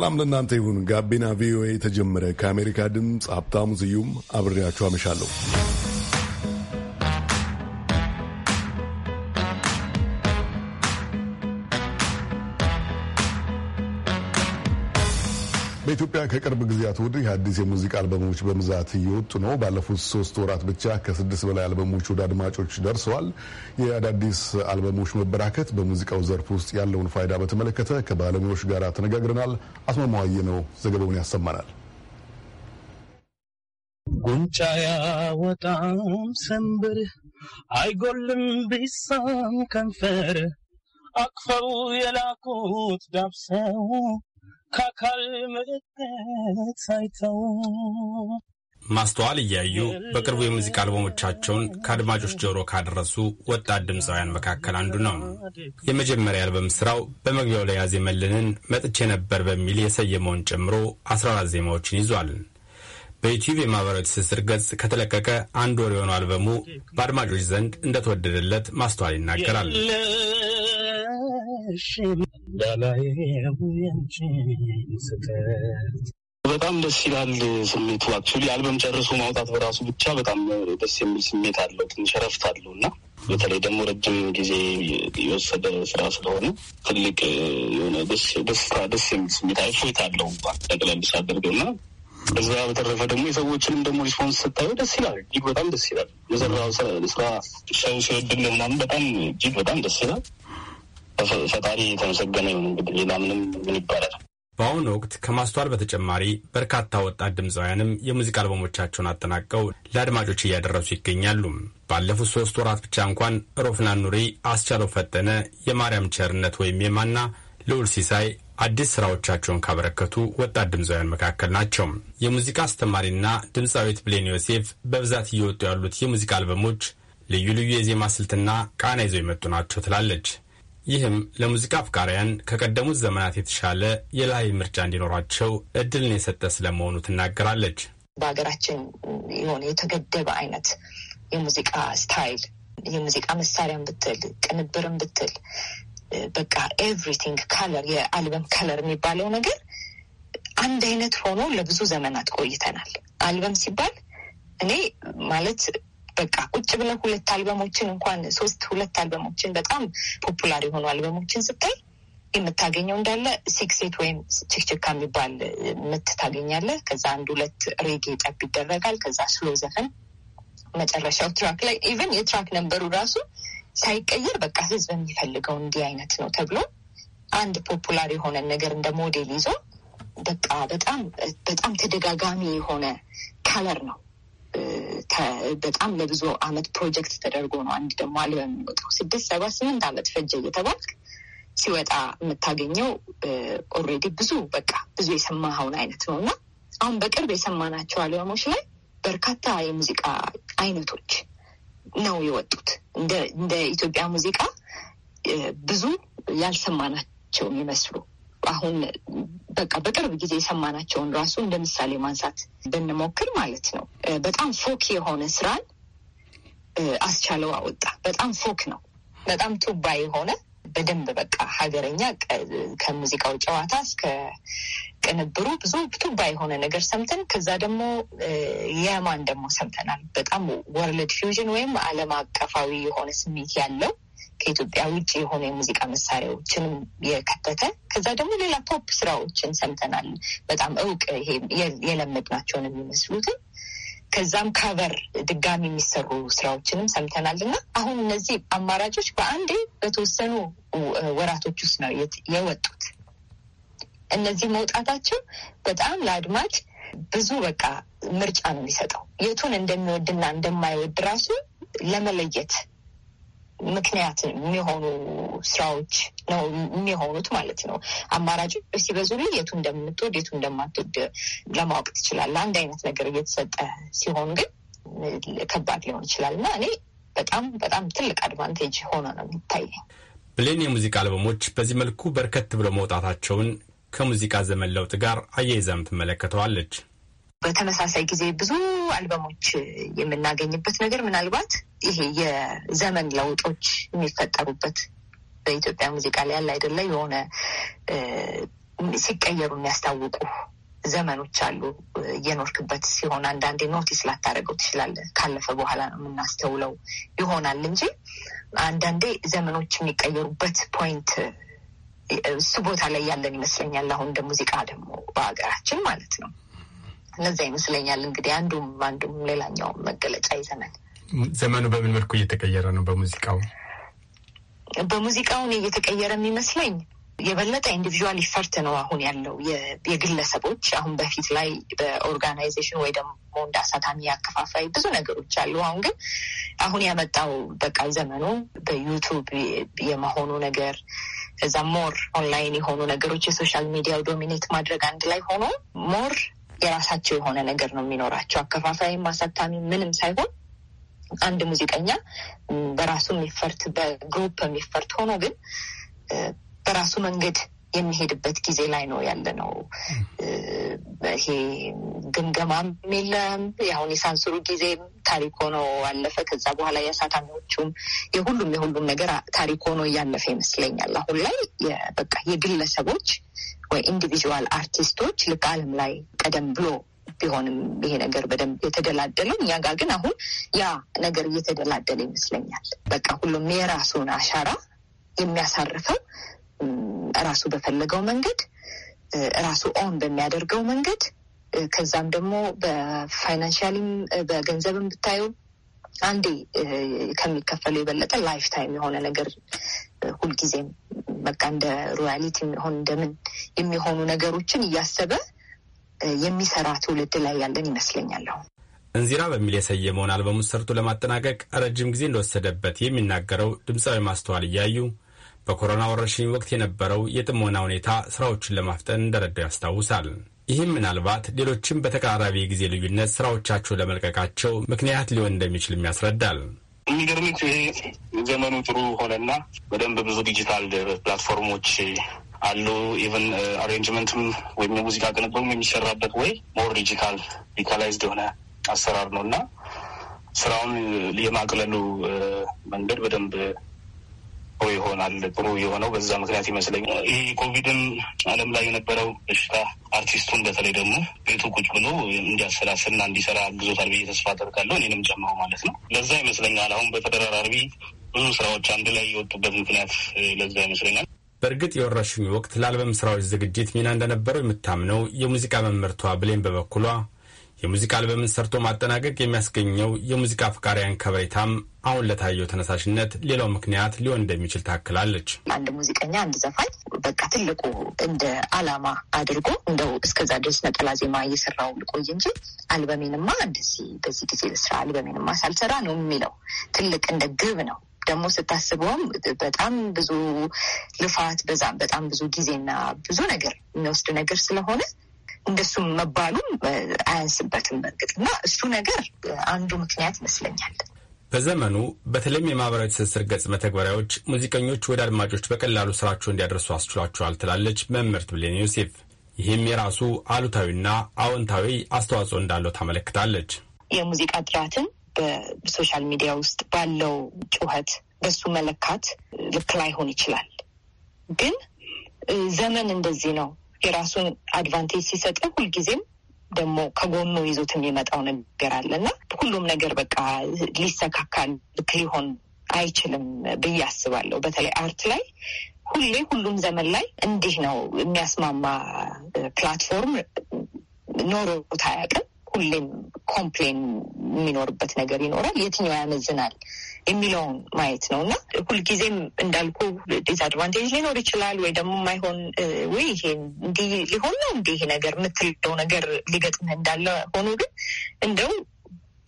ሰላም ለእናንተ ይሁን። ጋቢና ቪኦኤ የተጀመረ ከአሜሪካ ድምፅ ሀብታሙ ስዩም አብሬያችሁ አመሻለሁ። በኢትዮጵያ ከቅርብ ጊዜያት ወዲህ አዲስ የሙዚቃ አልበሞች በብዛት እየወጡ ነው። ባለፉት ሶስት ወራት ብቻ ከስድስት በላይ አልበሞች ወደ አድማጮች ደርሰዋል። የአዳዲስ አልበሞች መበራከት በሙዚቃው ዘርፍ ውስጥ ያለውን ፋይዳ በተመለከተ ከባለሙያዎች ጋር ተነጋግረናል። አስማማዋየ ነው ዘገባውን ያሰማናል። ጉንጫ ያወጣም ሰንብር አይጎልም ቢሳም ከንፈር አቅፈው የላኩት ዳብሰው ከአካል ሳይተው ማስተዋል እያዩ በቅርቡ የሙዚቃ አልበሞቻቸውን ከአድማጮች ጆሮ ካደረሱ ወጣት ድምፃውያን መካከል አንዱ ነው። የመጀመሪያ አልበም ስራው በመግቢያው ላይ ያዜመልንን መጥቼ ነበር በሚል የሰየመውን ጨምሮ 14 ዜማዎችን ይዟል። በዩቲዩብ የማህበራዊ ትስስር ገጽ ከተለቀቀ አንድ ወር የሆነው አልበሙ በአድማጮች ዘንድ እንደተወደደለት ማስተዋል ይናገራል። በጣም ደስ ይላል ስሜቱ። አክቹዋሊ አልበም ጨርሶ ማውጣት በራሱ ብቻ በጣም ደስ የሚል ስሜት አለው። ትንሽ እረፍት አለው እና በተለይ ደግሞ ረጅም ጊዜ የወሰደ ስራ ስለሆነ ትልቅ የሆነ ደስታ ደስ የሚል ስሜት አይፎይት አለው እንኳን ጠቅለል ሳደርገው እና በዛ በተረፈ ደግሞ የሰዎችንም ደግሞ ሪስፖንስ ስታዩ ደስ ይላል። እጅግ በጣም ደስ ይላል። የሰራው ስራ ሰው ሲወድልህ ምናምን በጣም እጅግ በጣም ደስ ይላል። ፈጣሪ የተመሰገነ ይሁን። እንግዲህ ሌላ ምንም ምን ይባላል። በአሁኑ ወቅት ከማስተዋል በተጨማሪ በርካታ ወጣት ድምፃውያንም የሙዚቃ አልበሞቻቸውን አጠናቀው ለአድማጮች እያደረሱ ይገኛሉ። ባለፉት ሶስት ወራት ብቻ እንኳን ሮፍናን ኑሪ፣ አስቻለው ፈጠነ፣ የማርያም ቸርነት ወይም የማና ልዑል ሲሳይ አዲስ ስራዎቻቸውን ካበረከቱ ወጣት ድምፃውያን መካከል ናቸው። የሙዚቃ አስተማሪና ድምፃዊት ብሌን ዮሴፍ በብዛት እየወጡ ያሉት የሙዚቃ አልበሞች ልዩ ልዩ የዜማ ስልትና ቃና ይዘው የመጡ ናቸው ትላለች። ይህም ለሙዚቃ አፍቃሪያን ከቀደሙት ዘመናት የተሻለ የላይ ምርጫ እንዲኖራቸው እድልን የሰጠ ስለመሆኑ ትናገራለች። በሀገራችን የሆነ የተገደበ አይነት የሙዚቃ ስታይል የሙዚቃ መሳሪያን ብትል ቅንብርም ብትል በቃ ኤቭሪቲንግ ከለር የአልበም ከለር የሚባለው ነገር አንድ አይነት ሆኖ ለብዙ ዘመናት ቆይተናል። አልበም ሲባል እኔ ማለት በቃ ቁጭ ብለ ሁለት አልበሞችን እንኳን ሶስት ሁለት አልበሞችን በጣም ፖፑላር የሆኑ አልበሞችን ስታይ የምታገኘው እንዳለ ሲክሴት ወይም ችክችካ የሚባል ምት ታገኛለህ። ከዛ አንድ ሁለት ሬጌ ጠብ ይደረጋል። ከዛ ስሎ ዘፈን መጨረሻው ትራክ ላይ ኢቨን የትራክ ነንበሩ ራሱ ሳይቀየር በቃ ህዝብ የሚፈልገው እንዲህ አይነት ነው ተብሎ አንድ ፖፑላር የሆነ ነገር እንደ ሞዴል ይዞ በቃ በጣም በጣም ተደጋጋሚ የሆነ ከለር ነው በጣም ለብዙ አመት ፕሮጀክት ተደርጎ ነው አንድ ደግሞ አልበም የሚወጣው። ስድስት ሰባት ስምንት አመት ፈጀ እየተባልክ ሲወጣ የምታገኘው ኦልሬዲ ብዙ በቃ ብዙ የሰማኸውን አይነት ነው እና አሁን በቅርብ የሰማናቸው አልበሞች ላይ በርካታ የሙዚቃ አይነቶች ነው የወጡት። እንደ ኢትዮጵያ ሙዚቃ ብዙ ያልሰማናቸው የሚመስሉ አሁን በቃ በቅርብ ጊዜ የሰማናቸውን ራሱ እንደ ምሳሌ ማንሳት ብንሞክር ማለት ነው። በጣም ፎክ የሆነ ስራን አስቻለው አወጣ። በጣም ፎክ ነው። በጣም ቱባ የሆነ በደንብ በቃ ሀገረኛ ከሙዚቃው ጨዋታ እስከ ቅንብሩ ብዙ ቱባ የሆነ ነገር ሰምተን ከዛ ደግሞ የማን ደግሞ ሰምተናል። በጣም ወርልድ ፊውዥን ወይም ዓለም አቀፋዊ የሆነ ስሜት ያለው ከኢትዮጵያ ውጭ የሆኑ የሙዚቃ መሳሪያዎችንም የከተተ ከዛ ደግሞ ሌላ ፖፕ ስራዎችን ሰምተናል። በጣም እውቅ ይሄ የለመድናቸውን የሚመስሉትን ከዛም ካቨር ድጋሚ የሚሰሩ ስራዎችንም ሰምተናል እና አሁን እነዚህ አማራጮች በአንዴ በተወሰኑ ወራቶች ውስጥ ነው የወጡት። እነዚህ መውጣታቸው በጣም ለአድማጭ ብዙ በቃ ምርጫ ነው የሚሰጠው የቱን እንደሚወድና እንደማይወድ ራሱ ለመለየት ምክንያት የሚሆኑ ስራዎች ነው የሚሆኑት ማለት ነው። አማራጮች ሲበዙልህ የቱ እንደምትወድ የቱ እንደማትወድ ለማወቅ ትችላለህ። አንድ አይነት ነገር እየተሰጠ ሲሆን ግን ከባድ ሊሆን ይችላል እና እኔ በጣም በጣም ትልቅ አድቫንቴጅ ሆኖ ነው የሚታየኝ። ብሌን የሙዚቃ አልበሞች በዚህ መልኩ በርከት ብለው መውጣታቸውን ከሙዚቃ ዘመን ለውጥ ጋር አያይዘም ትመለከተዋለች። በተመሳሳይ ጊዜ ብዙ አልበሞች የምናገኝበት ነገር ምናልባት ይሄ የዘመን ለውጦች የሚፈጠሩበት በኢትዮጵያ ሙዚቃ ላይ ያለ አይደለ የሆነ ሲቀየሩ የሚያስታውቁ ዘመኖች አሉ። እየኖርክበት ሲሆን አንዳንዴ ኖቲስ ላታደርገው ትችላለህ። ካለፈ በኋላ ነው የምናስተውለው ይሆናል እንጂ አንዳንዴ ዘመኖች የሚቀየሩበት ፖይንት እሱ ቦታ ላይ ያለን ይመስለኛል። አሁን እንደ ሙዚቃ ደግሞ በሀገራችን ማለት ነው እነዚ ይመስለኛል እንግዲህ አንዱም አንዱም ሌላኛው መገለጫ ይዘናል። ዘመኑ በምን መልኩ እየተቀየረ ነው? በሙዚቃው በሙዚቃውን እየተቀየረ የሚመስለኝ የበለጠ ኢንዲቪዋል ይፈርት ነው አሁን ያለው የግለሰቦች አሁን በፊት ላይ በኦርጋናይዜሽን ወይ ደግሞ እንደ አሳታሚ አከፋፋይ ብዙ ነገሮች አሉ። አሁን ግን አሁን ያመጣው በቃ ዘመኑ በዩቱብ የመሆኑ ነገር እዛ ሞር ኦንላይን የሆኑ ነገሮች የሶሻል ሚዲያው ዶሚኔት ማድረግ አንድ ላይ ሆኖ ሞር የራሳቸው የሆነ ነገር ነው የሚኖራቸው። አከፋፋይም አሳታሚ ምንም ሳይሆን አንድ ሙዚቀኛ በራሱ የሚፈርት በግሩፕ የሚፈርት ሆኖ ግን በራሱ መንገድ የሚሄድበት ጊዜ ላይ ነው ያለ ነው። ይሄ ግምገማም የለም። አሁን የሳንሱሩ ጊዜ ታሪክ ሆኖ አለፈ። ከዛ በኋላ የአሳታሚዎቹም የሁሉም የሁሉም ነገር ታሪክ ሆኖ እያለፈ ይመስለኛል። አሁን ላይ በቃ የግለሰቦች ወይ ኢንዲቪዥዋል አርቲስቶች ልክ ዓለም ላይ ቀደም ብሎ ቢሆንም ይሄ ነገር በደንብ የተደላደለው እኛ ጋር ግን አሁን ያ ነገር እየተደላደለ ይመስለኛል። በቃ ሁሉም የራሱን አሻራ የሚያሳርፈው ራሱ በፈለገው መንገድ ራሱ ኦን በሚያደርገው መንገድ ከዛም ደግሞ በፋይናንሻሊም በገንዘብም ብታዩ አንዴ ከሚከፈሉ የበለጠ ላይፍ ታይም የሆነ ነገር ሁልጊዜም በቃ እንደ ሮያሊቲ የሚሆን እንደምን የሚሆኑ ነገሮችን እያሰበ የሚሰራ ትውልድ ላይ ያለን ይመስለኛለሁ። እንዚራ በሚል የሰየመውን አልበሙ ሰርቶ ለማጠናቀቅ ረጅም ጊዜ እንደወሰደበት የሚናገረው ድምፃዊ ማስተዋል እያዩ በኮሮና ወረርሽኝ ወቅት የነበረው የጥሞና ሁኔታ ስራዎችን ለማፍጠን እንደረዳው ያስታውሳል። ይህም ምናልባት ሌሎችም በተቀራራቢ ጊዜ ልዩነት ስራዎቻቸውን ለመልቀቃቸው ምክንያት ሊሆን እንደሚችልም ያስረዳል። የሚገርምት ይሄ ዘመኑ ጥሩ ሆነና በደንብ ብዙ ዲጂታል ፕላትፎርሞች አሉ። ኢቨን አሬንጅመንትም ወይም የሙዚቃ ቅንብሩም የሚሰራበት ወይ ሞር ዲጂታል ዲጂታላይዝድ የሆነ አሰራር ነው እና ስራውን የማቅለሉ መንገድ በደንብ ጥሩ ይሆናል። ጥሩ የሆነው በዛ ምክንያት ይመስለኛል። ይህ ኮቪድን ዓለም ላይ የነበረው በሽታ አርቲስቱን በተለይ ደግሞ ቤቱ ቁጭ ብሎ እንዲያሰላስልና እንዲሰራ አግዞታል ብዬ ተስፋ አደርጋለሁ። እኔንም ጨምሮ ማለት ነው። ለዛ ይመስለኛል አሁን በተደራራቢ ብዙ ስራዎች አንድ ላይ የወጡበት ምክንያት ለዛ ይመስለኛል። በእርግጥ የወረርሽኙ ወቅት ለአልበም ስራዎች ዝግጅት ሚና እንደነበረው የምታምነው የሙዚቃ መምህርቷ ብሌን በበኩሏ የሙዚቃ አልበምን ሰርቶ ማጠናቀቅ የሚያስገኘው የሙዚቃ አፍቃሪያን ከበሬታም አሁን ለታየው ተነሳሽነት ሌላው ምክንያት ሊሆን እንደሚችል ታክላለች። አንድ ሙዚቀኛ፣ አንድ ዘፋኝ በቃ ትልቁ እንደ አላማ አድርጎ እንደው እስከዛ ድረስ ነጠላ ዜማ እየሰራው ልቆይ እንጂ አልበሜንማ እንደዚህ በዚህ ጊዜ ልስራ አልበሜንማ ሳልሰራ ነው የሚለው ትልቅ እንደ ግብ ነው። ደግሞ ስታስበውም በጣም ብዙ ልፋት በዛም በጣም ብዙ ጊዜና ብዙ ነገር የሚወስድ ነገር ስለሆነ እንደሱም መባሉም አያንስበትም። በእርግጥ እና እሱ ነገር አንዱ ምክንያት ይመስለኛል። በዘመኑ በተለይም የማህበራዊ ትስስር ገጽ መተግበሪያዎች ሙዚቀኞች ወደ አድማጮች በቀላሉ ስራቸው እንዲያደርሱ አስችሏቸዋል ትላለች መምህርት ብሌን ዮሴፍ። ይህም የራሱ አሉታዊና አዎንታዊ አስተዋጽኦ እንዳለው ታመለክታለች። የሙዚቃ ጥራትን በሶሻል ሚዲያ ውስጥ ባለው ጩኸት በሱ መለካት ልክ ላይሆን ይችላል። ግን ዘመን እንደዚህ ነው። የራሱን አድቫንቴጅ ሲሰጥ ሁልጊዜም ደግሞ ከጎኑ ይዞት የሚመጣው ነገር አለ እና ሁሉም ነገር በቃ ሊሰካካ ልክ ሊሆን አይችልም ብዬ አስባለሁ። በተለይ አርት ላይ ሁሌ ሁሉም ዘመን ላይ እንዲህ ነው የሚያስማማ ፕላትፎርም ኖሮት አያውቅም። ሁሌም ኮምፕሌን የሚኖርበት ነገር ይኖራል። የትኛው ያመዝናል የሚለውን ማየት ነው እና ሁልጊዜም እንዳልኩ ዲስአድቫንቴጅ ሊኖር ይችላል ወይ ደግሞ ማይሆን ወይ ይሄ እንዲህ ሊሆን ነው እንዲህ ይሄ ነገር የምትልደው ነገር ሊገጥምህ እንዳለ ሆኖ ግን እንደው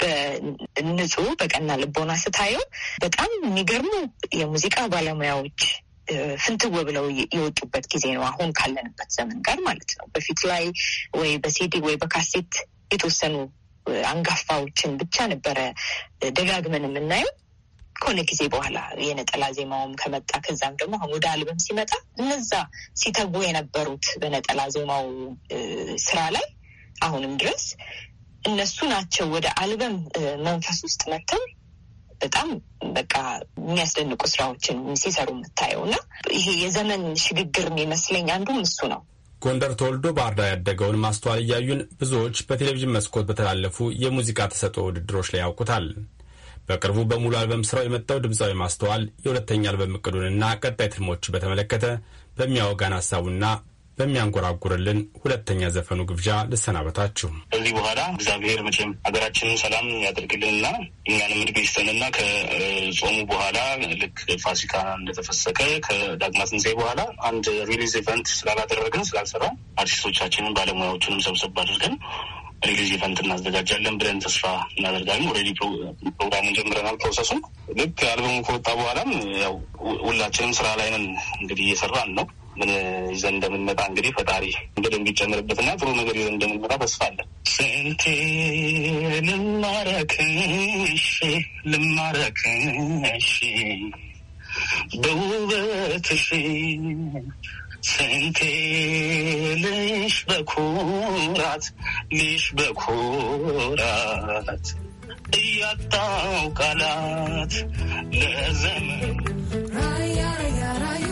በንጹህ በቀና ልቦና ስታየው በጣም የሚገርሙ የሙዚቃ ባለሙያዎች ፍንትወ ብለው የወጡበት ጊዜ ነው። አሁን ካለንበት ዘመን ጋር ማለት ነው። በፊት ላይ ወይ በሲዲ ወይ በካሴት የተወሰኑ አንጋፋዎችን ብቻ ነበረ ደጋግመን የምናየው። ከሆነ ጊዜ በኋላ የነጠላ ዜማውም ከመጣ ከዛም ደግሞ አሁን ወደ አልበም ሲመጣ እነዛ ሲተጉ የነበሩት በነጠላ ዜማው ስራ ላይ አሁንም ድረስ እነሱ ናቸው ወደ አልበም መንፈስ ውስጥ መጥተው በጣም በቃ የሚያስደንቁ ስራዎችን ሲሰሩ የምታየው እና ይሄ የዘመን ሽግግር የሚመስለኝ አንዱም እሱ ነው። ጎንደር ተወልዶ ባህር ዳር ያደገውን ማስተዋል እያዩን ብዙዎች በቴሌቪዥን መስኮት በተላለፉ የሙዚቃ ተሰጥኦ ውድድሮች ላይ ያውቁታል። በቅርቡ በሙሉ አልበም ስራው የመጣው ድምፃዊ ማስተዋል የሁለተኛ አልበም እቅዱንና ቀጣይ ትልሞቹ በተመለከተ በሚያወጋን ሀሳቡና በሚያንጎራጉርልን ሁለተኛ ዘፈኑ ግብዣ ልሰናበታችሁ። ከዚህ በኋላ እግዚአብሔር መቼም ሀገራችንን ሰላም ያደርግልንና እኛንም ዕድሜ ይስጠንና ከጾሙ በኋላ ልክ ፋሲካ እንደተፈሰቀ ከዳግማ ትንሣኤ በኋላ አንድ ሪሊዝ ኢቨንት ስላላደረግን ስላልሰራ አርቲስቶቻችንን ባለሙያዎቹንም ሰብሰብ አድርገን ሪሊዝ ኢቨንት እናዘጋጃለን ብለን ተስፋ እናደርጋለን። ኦልሬዲ ፕሮግራሙን ጀምረናል። ፕሮሰሱን ልክ አልበሙ ከወጣ በኋላም ያው ሁላችንም ስራ ላይ ነን እንግዲህ እየሰራን ነው። ምን ይዘን እንደምንመጣ እንግዲህ ፈጣሪ እንግዲህ የሚጨምርበትና ጥሩ ነገር ይዘን እንደምንመጣ ተስፋ አለን። ስንቴ ልማረክሽ ልማረክሽ በውበትሽ ስንቴ ልሽ በኩራት ልሽ በኩራት እያጣው ቃላት ለዘመን ራያ ራያ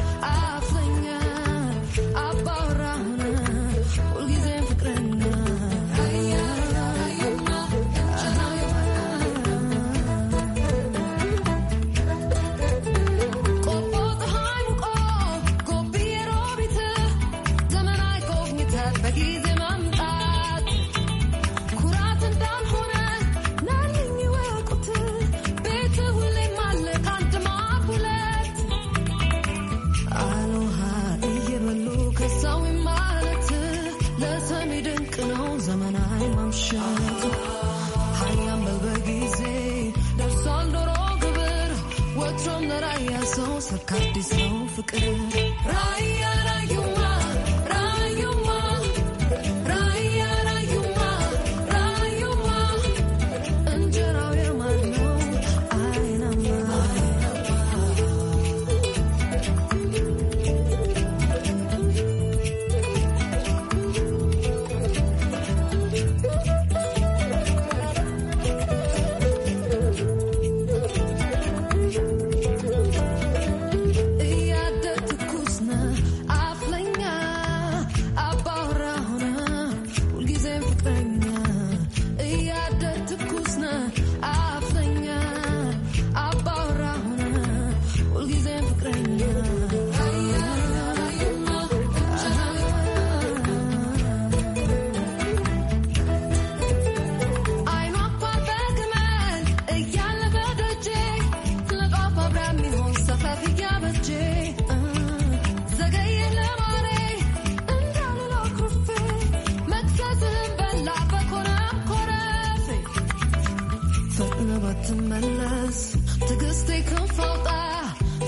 ስትመለስ ክንፍ ክንፋውጣ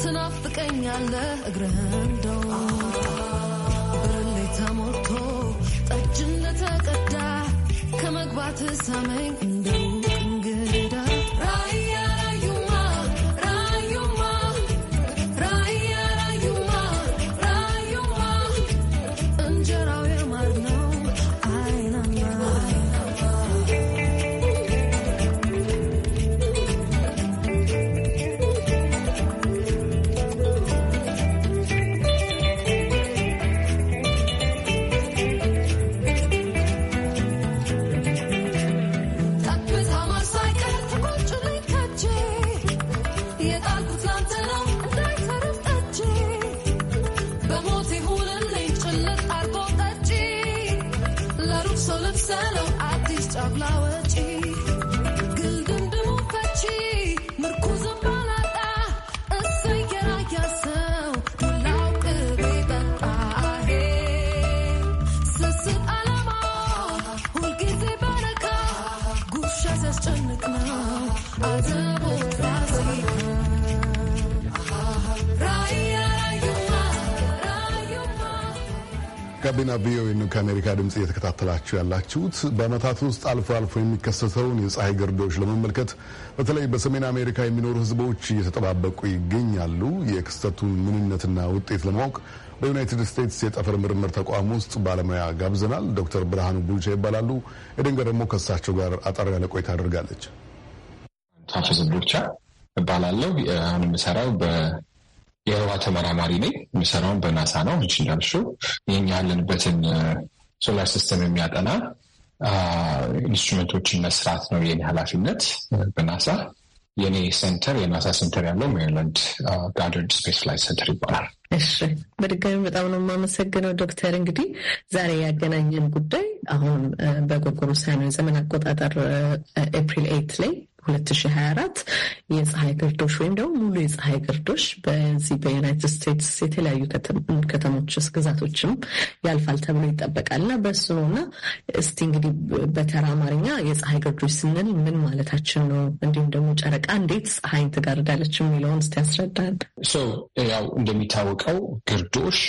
ትናፍቀኛለህ እግርህን ደው Salon artist of flower tea. ጋቢና ቪኦኤ ነው ከአሜሪካ ድምፅ እየተከታተላችሁ ያላችሁት። በአመታት ውስጥ አልፎ አልፎ የሚከሰተውን የፀሐይ ግርዶሽ ለመመልከት በተለይ በሰሜን አሜሪካ የሚኖሩ ህዝቦች እየተጠባበቁ ይገኛሉ። የክስተቱን ምንነትና ውጤት ለማወቅ በዩናይትድ ስቴትስ የጠፈር ምርምር ተቋም ውስጥ ባለሙያ ጋብዘናል። ዶክተር ብርሃኑ ቡልቻ ይባላሉ። የደንገ ደግሞ ከእሳቸው ጋር አጠር ያለ ቆይታ አድርጋለች። ሀፈዝ ቡልቻ እባላለሁ። አሁን የምሰራው የህዋ ተመራማሪ ነኝ። የሚሰራውን በናሳ ነው። ልጅ እንዳልሽው ያለንበትን ሶላር ሲስተም የሚያጠና ኢንስትሩመንቶችን መስራት ነው የኔ ኃላፊነት በናሳ የኔ ሴንተር የናሳ ሴንተር ያለው ሜሪላንድ ጋደርድ ስፔስ ፍላይ ሴንተር ይባላል። እሺ በድጋሚ በጣም ነው የማመሰግነው ዶክተር። እንግዲህ ዛሬ ያገናኘን ጉዳይ አሁን በጎርጎሮሳውያኑ ዘመን አቆጣጠር ኤፕሪል ኤይት ላይ 2024 የፀሐይ ግርዶሽ ወይም ደግሞ ሙሉ የፀሐይ ግርዶሽ በዚህ በዩናይትድ ስቴትስ የተለያዩ ከተሞች ግዛቶችም ያልፋል ተብሎ ይጠበቃል እና በሱ ነው እና እስቲ እንግዲህ በተራ አማርኛ የፀሐይ ግርዶሽ ስንል ምን ማለታችን ነው? እንዲሁም ደግሞ ጨረቃ እንዴት ፀሐይን ትጋርዳለች የሚለውን እስቲ ያስረዳል። ያው እንደሚታወቀው ግርዶሽ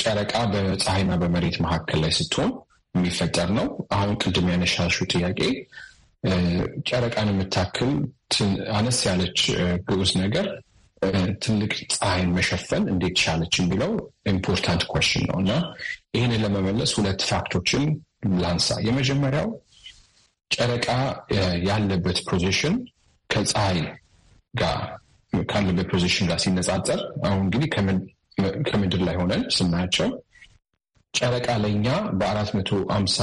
ጨረቃ በፀሐይና በመሬት መካከል ላይ ስትሆን የሚፈጠር ነው። አሁን ቅድም ያነሻሹ ጥያቄ ጨረቃን የምታክል አነስ ያለች ግዑዝ ነገር ትልቅ ፀሐይን መሸፈን እንዴት ቻለች የሚለው ኢምፖርታንት ኮሽን ነው እና ይህንን ለመመለስ ሁለት ፋክቶችን ላንሳ። የመጀመሪያው ጨረቃ ያለበት ፖዚሽን ከፀሐይ ጋር ካለበት ፖዚሽን ጋር ሲነጻጸር አሁን እንግዲህ ከምድር ላይ ሆነን ስናያቸው ጨረቃ ለእኛ በአራት መቶ አምሳ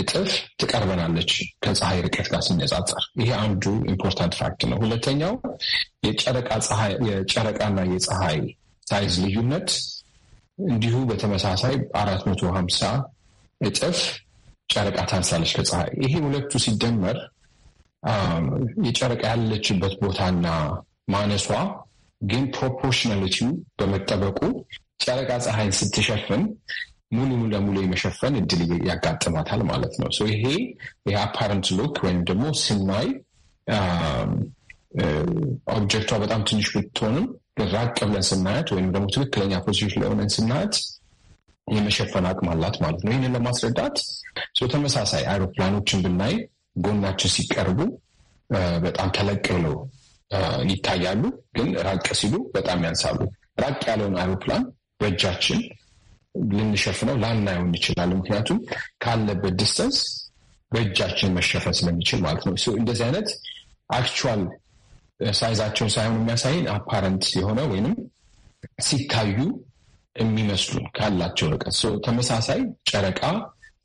እጥፍ ትቀርበናለች ከፀሐይ ርቀት ጋር ሲነጻጸር። ይሄ አንዱ ኢምፖርታንት ፋክት ነው። ሁለተኛው የጨረቃና የፀሐይ ሳይዝ ልዩነት እንዲሁ በተመሳሳይ አራት መቶ ሀምሳ እጥፍ ጨረቃ ታንሳለች ከፀሐይ። ይሄ ሁለቱ ሲደመር የጨረቃ ያለችበት ቦታና ማነሷ ግን ፕሮፖርሽናሊቲው በመጠበቁ ጨረቃ ፀሐይን ስትሸፍን ሙሉ ለሙሉ የመሸፈን እድል ያጋጥማታል ማለት ነው። ይሄ የአፓረንት ሉክ ሎክ ወይም ደግሞ ስናይ ኦብጀክቷ um, uh, በጣም ትንሽ ብትሆንም ራቅ ብለን ስናያት ወይም ደግሞ ትክክለኛ ፖዚሽን ለሆነን ስናያት የመሸፈን አቅም አላት ማለት ነው። ይህንን ለማስረዳት ተመሳሳይ አይሮፕላኖችን ብናይ ጎናችን ሲቀርቡ uh, በጣም ተለቅ ብለው uh, ይታያሉ፣ ግን ራቅ ሲሉ በጣም ያንሳሉ። ራቅ ያለውን አይሮፕላን በእጃችን ልንሸፍነው ላናየው እንችላለን። ምክንያቱም ካለበት ዲስተንስ በእጃችን መሸፈን ስለሚችል ማለት ነው። እንደዚህ አይነት uh, አክቹዋል ሳይዛቸውን ሳይሆን የሚያሳይን አፓረንት የሆነ ወይንም ሲታዩ የሚመስሉ ካላቸው ርቀት ተመሳሳይ ጨረቃ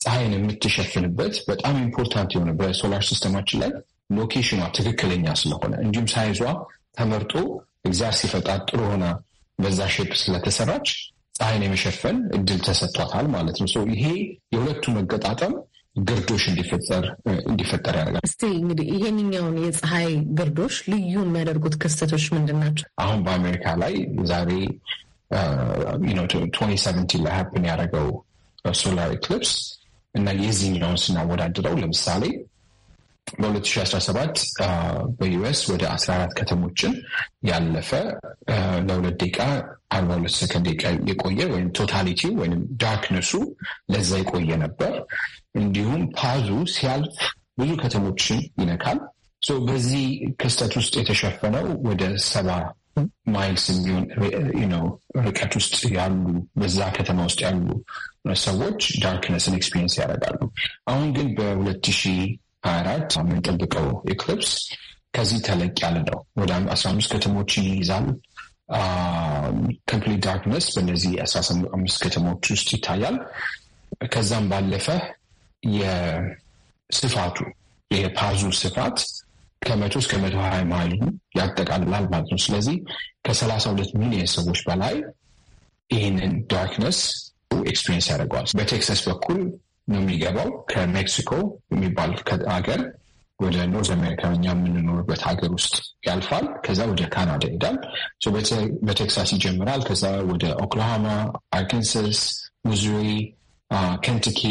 ፀሐይን የምትሸፍንበት በጣም ኢምፖርታንት የሆነ በሶላር ሲስተማችን ላይ ሎኬሽኗ ትክክለኛ ስለሆነ እንዲሁም ሳይዟ ተመርጦ እግዚአብሔር ሲፈጣት ጥሩ ሆና በዛ ሼፕ ስለተሰራች ፀሐይን የመሸፈን እድል ተሰጥቷታል ማለት ነው። ይሄ የሁለቱ መገጣጠም ግርዶሽ እንዲፈጠር ያደርጋል። እስቲ እንግዲህ ይሄንኛውን የፀሐይ ግርዶሽ ልዩ የሚያደርጉት ክስተቶች ምንድን ናቸው? አሁን በአሜሪካ ላይ ዛሬ ቱ uh, ላይ ሀፕን ያደረገው ሶላር ኢክሊፕስ እና የዚህኛውን ስናወዳድረው ለምሳሌ በ2017 በዩኤስ ወደ 14 ከተሞችን ያለፈ ለሁለት ደቂቃ አርባ ሁለት ሰከንድ የቆየ ወይም ቶታሊቲው ወይም ዳርክነሱ ለዛ የቆየ ነበር። እንዲሁም ፓዙ ሲያልፍ ብዙ ከተሞችን ይነካል። በዚህ ክስተት ውስጥ የተሸፈነው ወደ ሰባ ማይልስ የሚሆን ርቀት ውስጥ ያሉ በዛ ከተማ ውስጥ ያሉ ሰዎች ዳርክነስን ኤክስፒሪየንስ ያደርጋሉ። አሁን ግን በሁለት ሺህ ሀያ አራት የምንጠብቀው ኤክሊፕስ ከዚህ ተለቅ ያለ ነው። ወደ አስራ አምስት ከተሞች ይይዛል። ኮምፕሊት ዳርክነስ በእነዚህ አስራ አምስት ከተሞች ውስጥ ይታያል። ከዛም ባለፈ የስፋቱ የፓዙ ስፋት ከመቶ እስከ መቶ ሀያ ማይል ያጠቃልላል ማለት ነው። ስለዚህ ከሰላሳ ሁለት ሚሊዮን ሰዎች በላይ ይህንን ዳርክነስ ኤክስፒሪየንስ ያደርገዋል። በቴክሳስ በኩል ነው የሚገባው ከሜክሲኮ የሚባል ሀገር ወደ ኖርዝ አሜሪካ እኛ የምንኖርበት ሀገር ውስጥ ያልፋል። ከዛ ወደ ካናዳ ይሄዳል። በቴክሳስ ይጀምራል። ከዛ ወደ ኦክላሃማ፣ አርካንሳስ፣ ሚዙሪ፣ ኬንትኪ፣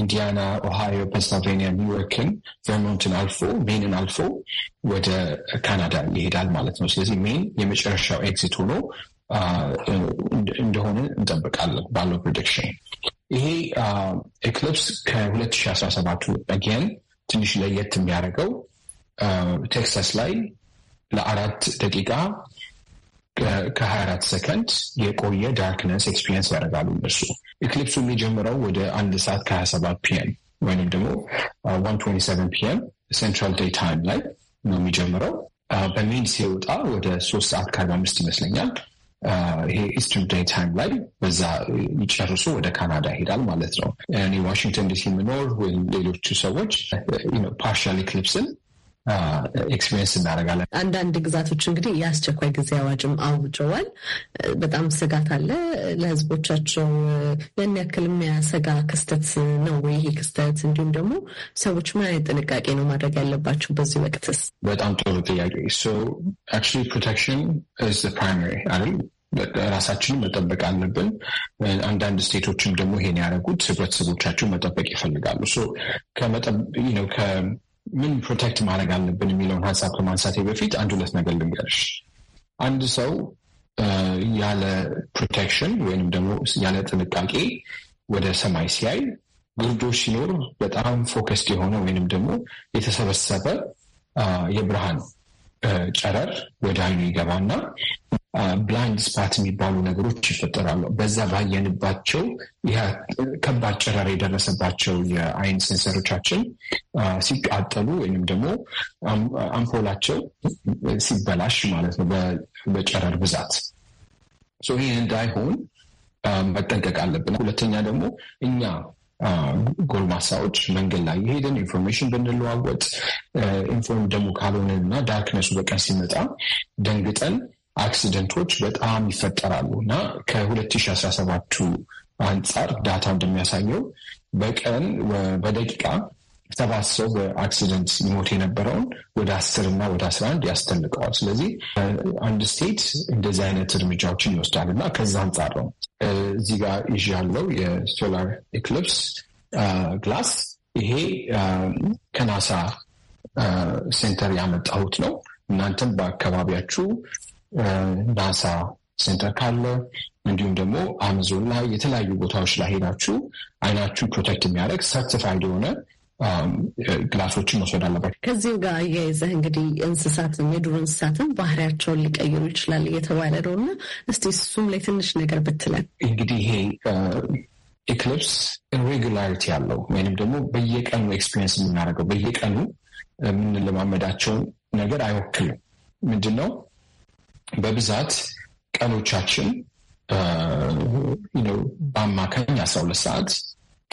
ኢንዲያና፣ ኦሃዮ፣ ፔንስልቬኒያ፣ ኒውዮርክን፣ ቨርሞንትን አልፎ ሜንን አልፎ ወደ ካናዳ ይሄዳል ማለት ነው። ስለዚህ ሜን የመጨረሻው ኤግዚት ሆኖ እንደሆነ እንጠብቃለን ባለው ፕሬዲክሽን። ይሄ ኤክሊፕስ ከ2017 አጌን ትንሽ ለየት የሚያደርገው ቴክሳስ ላይ ለአራት ደቂቃ ከ24 ሰከንድ የቆየ ዳርክነስ ኤክስፒሪየንስ ያደርጋሉ እነሱ። ኤክሊፕሱ የሚጀምረው ወደ አንድ ሰዓት ከ27 ፒኤም ወይም ደግሞ 127 ፒኤም ሴንትራል ዴይ ታይም ላይ ነው የሚጀምረው። በሜን ሲወጣ ወደ ሶስት ሰዓት ከ 45 ይመስለኛል ይሄ ኢስተርን ዴይ ታይም ላይ በዛ ይጨርሱ ወደ ካናዳ ይሄዳል ማለት ነው። እኔ ዋሽንግተን ዲሲ የምኖር ወይም ሌሎቹ ሰዎች ፓርሻል ኢክሊፕስን ኤክስፔሪንስ እናደርጋለን። አንዳንድ ግዛቶች እንግዲህ የአስቸኳይ ጊዜ አዋጅም አውጀዋል። በጣም ስጋት አለ ለህዝቦቻቸው። ያን ያክል የሚያሰጋ ክስተት ነው ወይ ይሄ ክስተት? እንዲሁም ደግሞ ሰዎች ምን አይነት ጥንቃቄ ነው ማድረግ ያለባቸው በዚህ ወቅትስ? በጣም ጥሩ ጥያቄ። አክቹዋሊ ፕሮቴክሽን ኢዝ ፕራይመሪ አይደል? ራሳችንን መጠበቅ አለብን። አንዳንድ ስቴቶችም ደግሞ ይሄን ያደረጉት ህብረተሰቦቻቸው መጠበቅ ይፈልጋሉ። ከመጠ- ምን ፕሮቴክት ማድረግ አለብን የሚለውን ሀሳብ ከማንሳቴ በፊት አንድ ሁለት ነገር ልንገርሽ። አንድ ሰው ያለ ፕሮቴክሽን ወይም ደግሞ ያለ ጥንቃቄ ወደ ሰማይ ሲያይ ግርዶሽ ሲኖር በጣም ፎከስድ የሆነ ወይንም ደግሞ የተሰበሰበ የብርሃን ጨረር ወደ አይኑ ይገባና ብላይንድ ስፓት የሚባሉ ነገሮች ይፈጠራሉ። በዛ ባየንባቸው ከባድ ጨረር የደረሰባቸው የአይን ሴንሰሮቻችን ሲቃጠሉ ወይም ደግሞ አምፖላቸው ሲበላሽ ማለት ነው በጨረር ብዛት ይህ እንዳይሆን መጠንቀቅ አለብን። ሁለተኛ ደግሞ እኛ ጎልማሳዎች መንገድ ላይ የሄደን ኢንፎርሜሽን ብንለዋወጥ ኢንፎርም ደግሞ ካልሆነን እና ዳርክነሱ በቀን ሲመጣ ደንግጠን አክሲደንቶች በጣም ይፈጠራሉ እና ከ 2017 አንጻር ዳታ እንደሚያሳየው በቀን በደቂቃ ሰባት ሰው በአክሲደንት ይሞት የነበረውን ወደ አስር እና ወደ አስራ አንድ ያስተንቀዋል። ስለዚህ አንድ ስቴት እንደዚህ አይነት እርምጃዎችን ይወስዳል እና ከዛ አንጻር ነው እዚህ ጋር ይዤ ያለው የሶላር ኤክሊፕስ ግላስ ይሄ ከናሳ ሴንተር ያመጣሁት ነው። እናንተም በአካባቢያችሁ ናሳ ሴንተር ካለ እንዲሁም ደግሞ አማዞን ላይ የተለያዩ ቦታዎች ላይ ሄዳችሁ አይናችሁ ፕሮቴክት የሚያደርግ ሰርቲፋይድ የሆነ ግላሶችን መስወድ አለባቸው። ከዚህ ጋር አያይዘህ እንግዲህ እንስሳትን የዱር እንስሳትን ባህሪያቸውን ሊቀይሩ ይችላል እየተባለ ነው እና እስቲ እሱም ላይ ትንሽ ነገር ብትለን እንግዲህ ይሄ ኢክሊፕስ ኢሬጉላሪቲ ያለው ወይንም ደግሞ በየቀኑ ኤክስፒሪየንስ የምናደርገው በየቀኑ የምንለማመዳቸውን ነገር አይወክልም። ምንድን ነው በብዛት ቀኖቻችን በአማካኝ አስራ ሁለት ሰዓት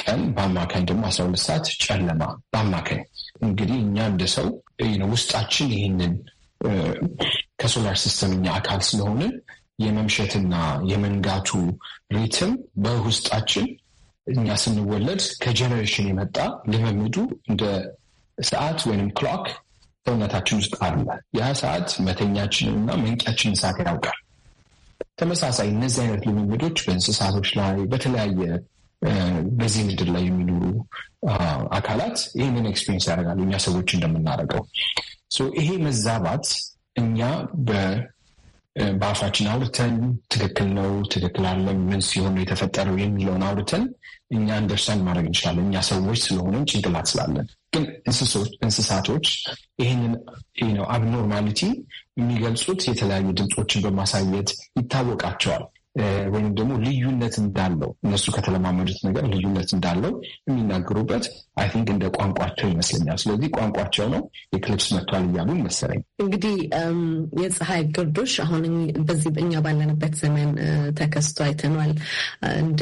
ቀን በአማካኝ ደግሞ አስራ ሁለት ሰዓት ጨለማ በአማካኝ እንግዲህ እኛ እንደ ሰው ውስጣችን ይህንን ከሶላር ሲስተም እኛ አካል ስለሆነ የመምሸትና የመንጋቱ ሪትም በውስጣችን እኛ ስንወለድ ከጀኔሬሽን የመጣ ልምምዱ እንደ ሰዓት ወይም ክሎክ ሰውነታችን ውስጥ አለ። ያ ሰዓት መተኛችንና መንቂያችንን ሰዓት ያውቃል። ተመሳሳይ እነዚህ አይነት ልምምዶች በእንስሳቶች ላይ በተለያየ በዚህ ምድር ላይ የሚኖሩ አካላት ይህንን ኤክስፔሪንስ ያደርጋሉ፣ እኛ ሰዎች እንደምናደርገው። ይሄ መዛባት እኛ በአፋችን አውርተን ትክክል ነው ትክክል አለ ምን ሲሆን የተፈጠረው የሚለውን አውርተን እኛ እንደርሳን ማድረግ እንችላለን። እኛ ሰዎች ስለሆነ ጭንቅላት ስላለን ግን እንስሳቶች ይህንን አብኖርማሊቲ የሚገልጹት የተለያዩ ድምፆችን በማሳየት ይታወቃቸዋል። ወይም ደግሞ ልዩነት እንዳለው እነሱ ከተለማመዱት ነገር ልዩነት እንዳለው የሚናገሩበት አይ ቲንክ እንደ ቋንቋቸው ይመስለኛል። ስለዚህ ቋንቋቸው ነው ኤክሊፕስ መጥቷል እያሉን መሰለኝ። እንግዲህ የፀሐይ ግርዶሽ አሁን በዚህ እኛ ባለንበት ዘመን ተከስቶ አይተኗል። እንደ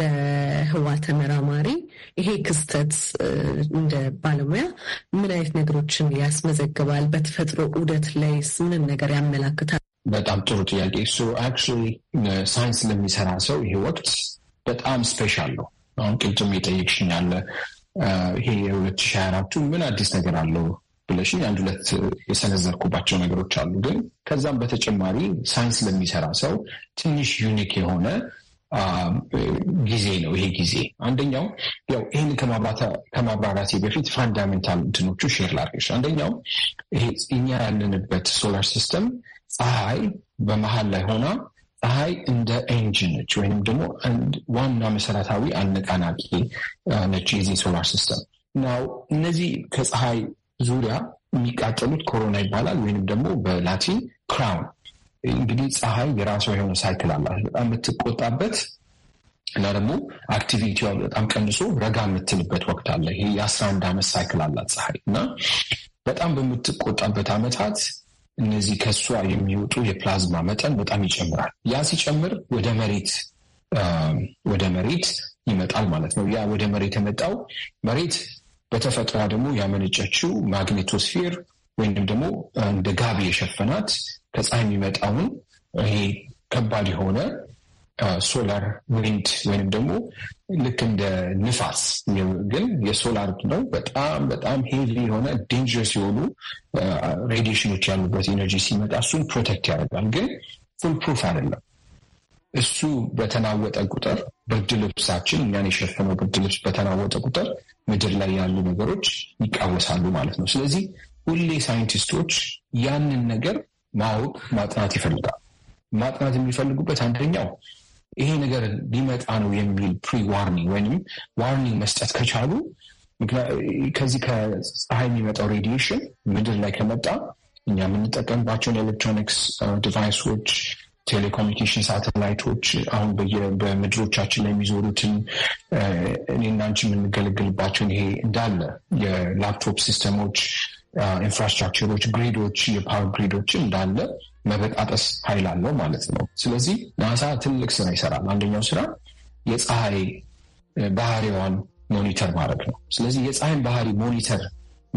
ህዋ ተመራማሪ ይሄ ክስተት እንደ ባለሙያ ምን አይነት ነገሮችን ያስመዘግባል? በተፈጥሮ ዑደት ላይ ምንም ነገር ያመላክታል? በጣም ጥሩ ጥያቄ። እሱ አክቹዋሊ ሳይንስ ለሚሰራ ሰው ይሄ ወቅት በጣም ስፔሻል ነው። አሁን ቅድም የጠየቅሽኝ አለ ይሄ የሁለት ሺህ አራቱ ምን አዲስ ነገር አለው ብለሽኝ አንድ ሁለት የሰነዘርኩባቸው ነገሮች አሉ። ግን ከዛም በተጨማሪ ሳይንስ ለሚሰራ ሰው ትንሽ ዩኒክ የሆነ ጊዜ ነው። ይሄ ጊዜ አንደኛው ያው ይህን ከማብራራቴ በፊት ፋንዳሜንታል እንትኖቹ ሼር ላድርግሽ። አንደኛው ይሄ እኛ ያለንበት ሶላር ሲስተም ፀሐይ በመሀል ላይ ሆና ፀሐይ እንደ ኤንጂን ነች ወይም ደግሞ ዋና መሰረታዊ አነቃናቂ ነች የዚህ ሶላር ሲስተም ናው። እነዚህ ከፀሐይ ዙሪያ የሚቃጠሉት ኮሮና ይባላል ወይንም ደግሞ በላቲን ክራውን እንግዲህ ፀሐይ የራሷ የሆነ ሳይክል አላት። በጣም የምትቆጣበት እና ደግሞ አክቲቪቲዋ በጣም ቀንሶ ረጋ የምትልበት ወቅት አለ። ይሄ የአስራ አንድ ዓመት ሳይክል አላት ፀሐይ እና በጣም በምትቆጣበት ዓመታት እነዚህ ከእሷ የሚወጡ የፕላዝማ መጠን በጣም ይጨምራል። ያ ሲጨምር ወደ መሬት ወደ መሬት ይመጣል ማለት ነው። ያ ወደ መሬት የመጣው መሬት በተፈጥሯ ደግሞ ያመነጨችው ማግኔቶስፌር ወይንም ደግሞ እንደ ጋቢ የሸፈናት ከፀሐይ የሚመጣውን ይሄ ከባድ የሆነ ሶላር ዊንድ ወይም ደግሞ ልክ እንደ ንፋስ ግን የሶላር ነው። በጣም በጣም ሄቪ የሆነ ዴንጀርስ የሆኑ ሬዲሽኖች ያሉበት ኤነርጂ ሲመጣ እሱን ፕሮቴክት ያደርጋል። ግን ፉል ፕሩፍ አይደለም። እሱ በተናወጠ ቁጥር ብርድ ልብሳችን እኛን የሸፈነው ብርድ ልብስ በተናወጠ ቁጥር ምድር ላይ ያሉ ነገሮች ይቃወሳሉ ማለት ነው። ስለዚህ ሁሌ ሳይንቲስቶች ያንን ነገር ማወቅ ማጥናት ይፈልጋል። ማጥናት የሚፈልጉበት አንደኛው ይሄ ነገር ሊመጣ ነው የሚል ፕሪ ዋርኒንግ ወይም ዋርኒንግ መስጠት ከቻሉ ከዚህ ከፀሐይ የሚመጣው ሬዲዬሽን ምድር ላይ ከመጣ እኛ የምንጠቀምባቸውን ኤሌክትሮኒክስ ዲቫይሶች፣ ቴሌኮሙኒኬሽን ሳተላይቶች፣ አሁን በምድሮቻችን ላይ የሚዞሩትን uh, እኔና አንቺ የምንገለግልባቸውን ይሄ እንዳለ የላፕቶፕ ሲስተሞች ኢንፍራስትራክቸሮች፣ ግሪዶች፣ የፓወር ግሪዶች እንዳለ መበጣጠስ ኃይል አለው ማለት ነው። ስለዚህ ናሳ ትልቅ ስራ ይሰራል። አንደኛው ስራ የፀሐይ uh, ባህሪዋን ሞኒተር ማድረግ ነው። ስለዚህ የፀሐይን ባህሪ ሞኒተር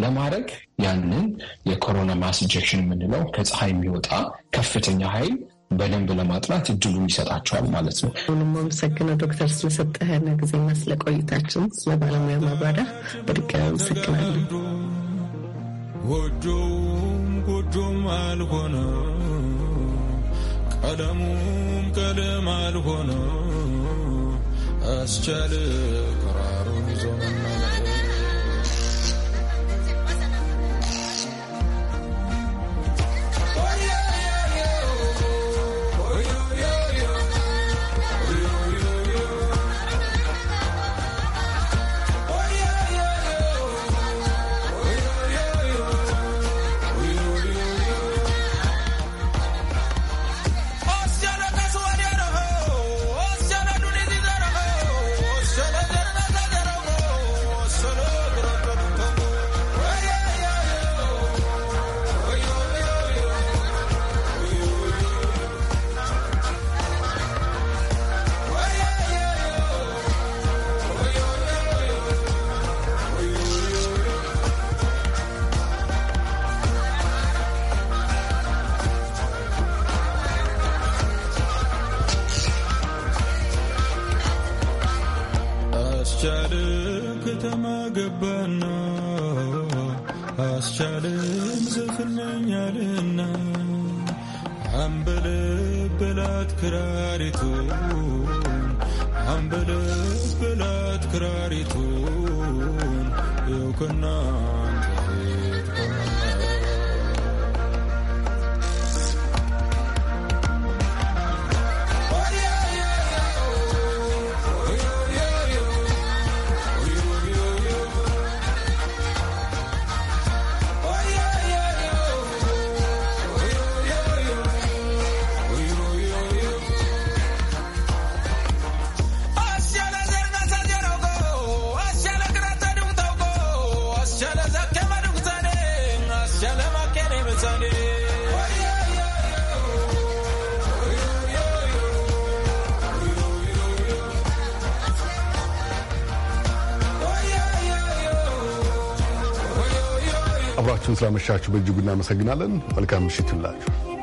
ለማድረግ ያንን የኮሮና ማስ ኢንጀክሽን የምንለው ከፀሐይ የሚወጣ ከፍተኛ ኃይል በደንብ ለማጥናት እድሉን ይሰጣቸዋል ማለት ነው። ሁንም አመሰግነው ዶክተር ስለሰጠህን ጊዜና ስለቆይታችን ስለ ባለሙያ ማብራሪያ በድጋሚ አመሰግናለን። ወዶም ጎዶም አልሆነ ቀለሙም ቀለም አልሆነ አስቻለ ቀራሩን ይዞ መመለ አብራችሁን ስላመሻችሁ በእጅጉ እናመሰግናለን። መልካም ምሽት ይሁንላችሁ።